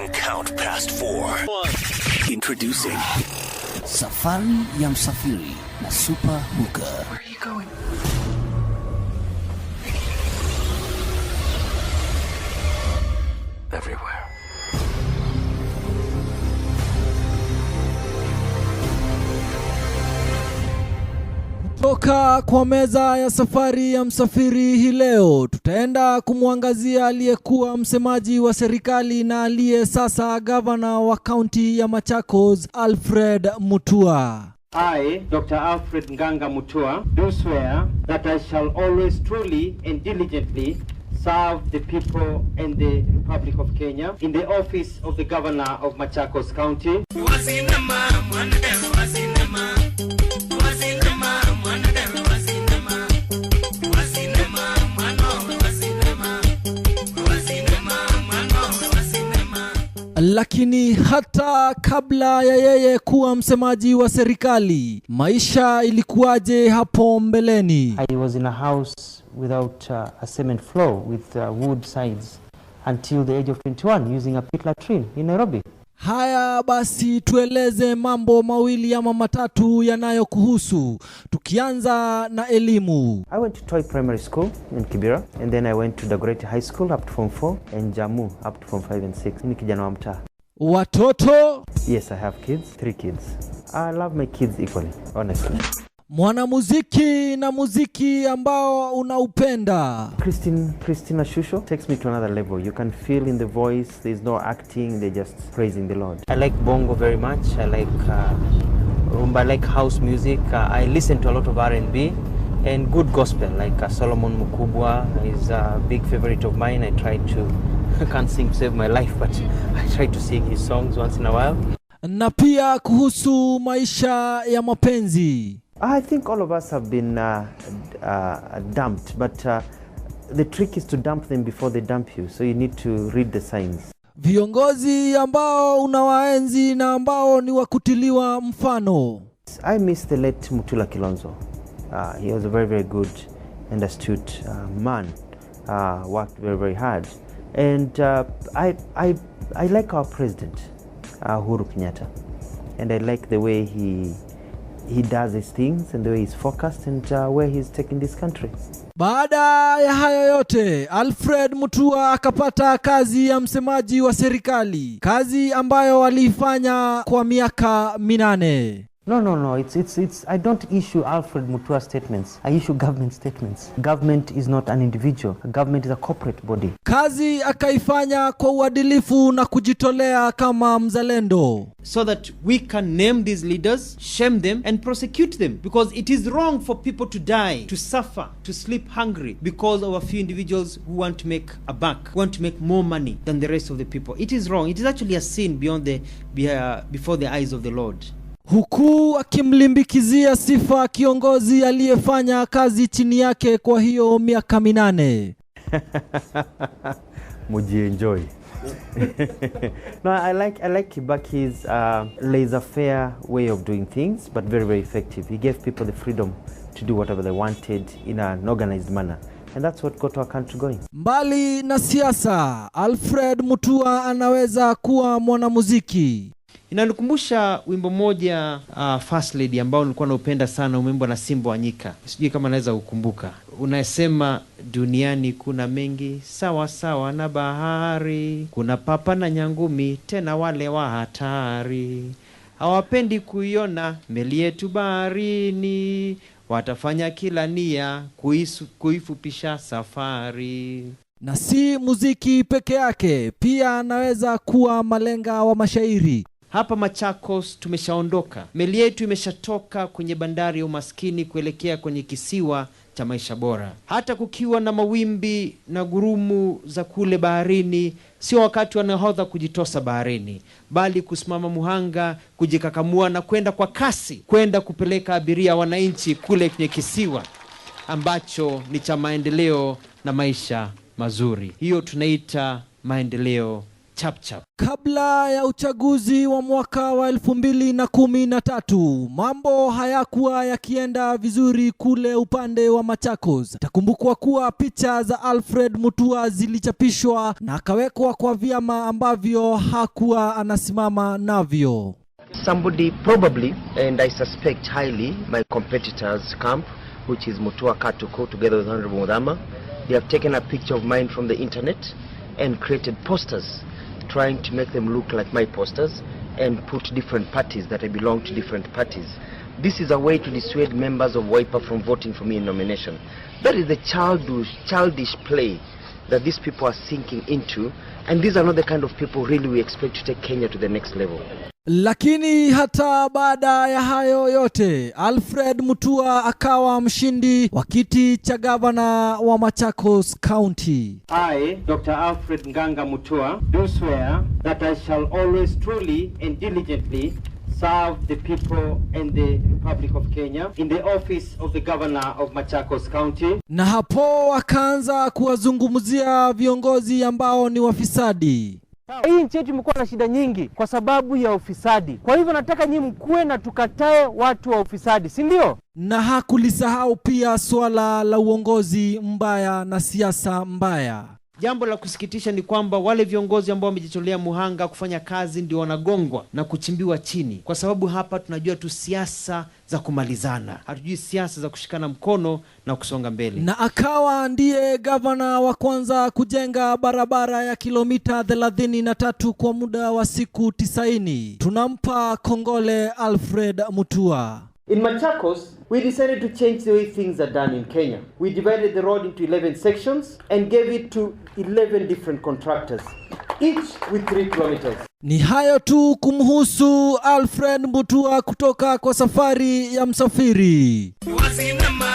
and count past four. One. Introducing Safari ya Msafiri Super Hooker. Where are you going? Toka kwa meza ya safari ya msafiri hii leo tutaenda kumwangazia aliyekuwa msemaji wa serikali na aliye sasa gavana wa kaunti ya Machakos Alfred Mutua. I, Dr. Alfred Nganga Mutua, do swear that I shall always truly and diligently serve the people and the Republic of Kenya in the office of the governor of Machakos County. hata kabla ya yeye kuwa msemaji wa serikali. Maisha ilikuwaje hapo mbeleni? I was in a house without uh, a cement floor with uh, wood sides until the age of 21 using a pit latrine in Nairobi. Haya basi, tueleze mambo mawili ama matatu yanayokuhusu, tukianza na elimu. I went to Toy Primary School in Kibera and then I went to Dagoretti High School up to form 4 and Jamu up to form 5 and 6. Ni kijana wa mtaa watoto yes, I have kids, three kids. I love my kids equally, honestly. Mwanamuziki na muziki ambao unaupenda. Christine, Christina Shusho takes me to another level. You can feel in the voice, there's no acting, they're just praising the Lord. I like bongo very much. I like uh, rumba, I like house music. Uh, I listen to a lot of R&B and good gospel like uh, Solomon Mukubwa is a big favorite of mine. I try to I can't sing to save my life but I try to sing his songs once in a while. Na pia kuhusu maisha ya mapenzi. I think all of us have been uh, uh, dumped but uh, the trick is to dump them before they dump you so you need to read the signs. Viongozi ambao unawaenzi na ambao ni wakutiliwa mfano. I miss the late Mutula Kilonzo. Uh, he was a very very good and astute uh, man. Uh, worked very very hard. And uh, I, I, I like our president, uh, Uhuru Kenyatta, and I like the way he, he does his things and the way he's focused and uh, where he's taking this country. Baada ya hayo yote, Alfred Mutua akapata kazi ya msemaji wa serikali, kazi ambayo aliifanya kwa miaka minane. No, no, no. It's, it's, it's, I don't issue Alfred Mutua statements. I issue government statements. Government is not an individual. Government is a corporate body. Kazi akaifanya kwa uadilifu na kujitolea kama mzalendo. So that we can name these leaders, shame them and prosecute them because it is wrong for people to die, to suffer, to sleep hungry because of a few individuals who want to make a buck, want to make more money than the rest of the people. It is wrong. It is actually a sin beyond the, uh, before the eyes of the Lord huku akimlimbikizia sifa kiongozi aliyefanya kazi chini yake kwa hiyo miaka minane. Mujienjoy. No, I like, I like Kibaki's uh, laissez-faire way of doing things, but very, very effective. He gave people the freedom to do whatever they wanted in an organized manner. And that's what got our country going. Mbali na siasa, Alfred Mutua anaweza kuwa mwanamuziki Inanikumbusha wimbo moja uh, First Lady ambao nilikuwa naupenda sana, umeimbwa na simbo Wanyika, sijui kama naweza kukumbuka. Unasema duniani kuna mengi sawa sawa na bahari, kuna papa na nyangumi, tena wale wa hatari hawapendi kuiona meli yetu baharini, watafanya kila nia kuisu, kuifupisha safari. Na si muziki peke yake, pia anaweza kuwa malenga wa mashairi. Hapa Machakos tumeshaondoka, meli yetu imeshatoka kwenye bandari ya umaskini kuelekea kwenye kisiwa cha maisha bora. Hata kukiwa na mawimbi na gurumu za kule baharini, sio wakati wa nahodha kujitosa baharini, bali kusimama muhanga, kujikakamua na kwenda kwa kasi, kwenda kupeleka abiria wananchi kule kwenye kisiwa ambacho ni cha maendeleo na maisha mazuri. Hiyo tunaita maendeleo chapchap. Kabla ya uchaguzi wa mwaka wa elfu mbili na kumi na tatu mambo hayakuwa yakienda vizuri kule upande wa Machakos. Takumbukwa kuwa picha za Alfred Mutua zilichapishwa na akawekwa kwa vyama ambavyo hakuwa anasimama navyo. Somebody probably and I suspect highly my competitors camp which is Mutua Katuko together with Honorable Mudhama they have taken a picture of mine from the internet and created posters trying to make them look like my posters and put different parties that I belong to different parties. This is a way to dissuade members of Wiper from voting for me in nomination. That is the childish, childish play that these people are sinking into, and these are not the kind of people really we expect to take Kenya to the next level. Lakini hata baada ya hayo yote, Alfred Mutua akawa mshindi wa kiti cha gavana wa Machakos County. I, Dr. Alfred Nganga Mutua, do swear that I shall always truly and diligently serve the people and the Republic of Kenya in the office of the governor of Machakos County. Na hapo akaanza kuwazungumzia viongozi ambao ni wafisadi. Hii nchi yetu imekuwa na shida nyingi kwa sababu ya ufisadi. Kwa hivyo nataka nyinyi mkuwe na tukatae watu wa ufisadi, si ndio? Na hakulisahau pia swala la uongozi mbaya na siasa mbaya. Jambo la kusikitisha ni kwamba wale viongozi ambao wamejitolea muhanga kufanya kazi ndio wanagongwa na kuchimbiwa chini, kwa sababu hapa tunajua tu siasa za kumalizana, hatujui siasa za kushikana mkono na kusonga mbele. Na akawa ndiye gavana wa kwanza kujenga barabara ya kilomita thelathini na tatu kwa muda wa siku tisaini Tunampa kongole Alfred Mutua. In Machakos, we decided to change the way things are done in Kenya. We divided the road into 11 sections and gave it to 11 different contractors, each with 3 kilometers. Ni hayo tu kumhusu Alfred Mbutua kutoka kwa safari ya msafiri. Wasinama.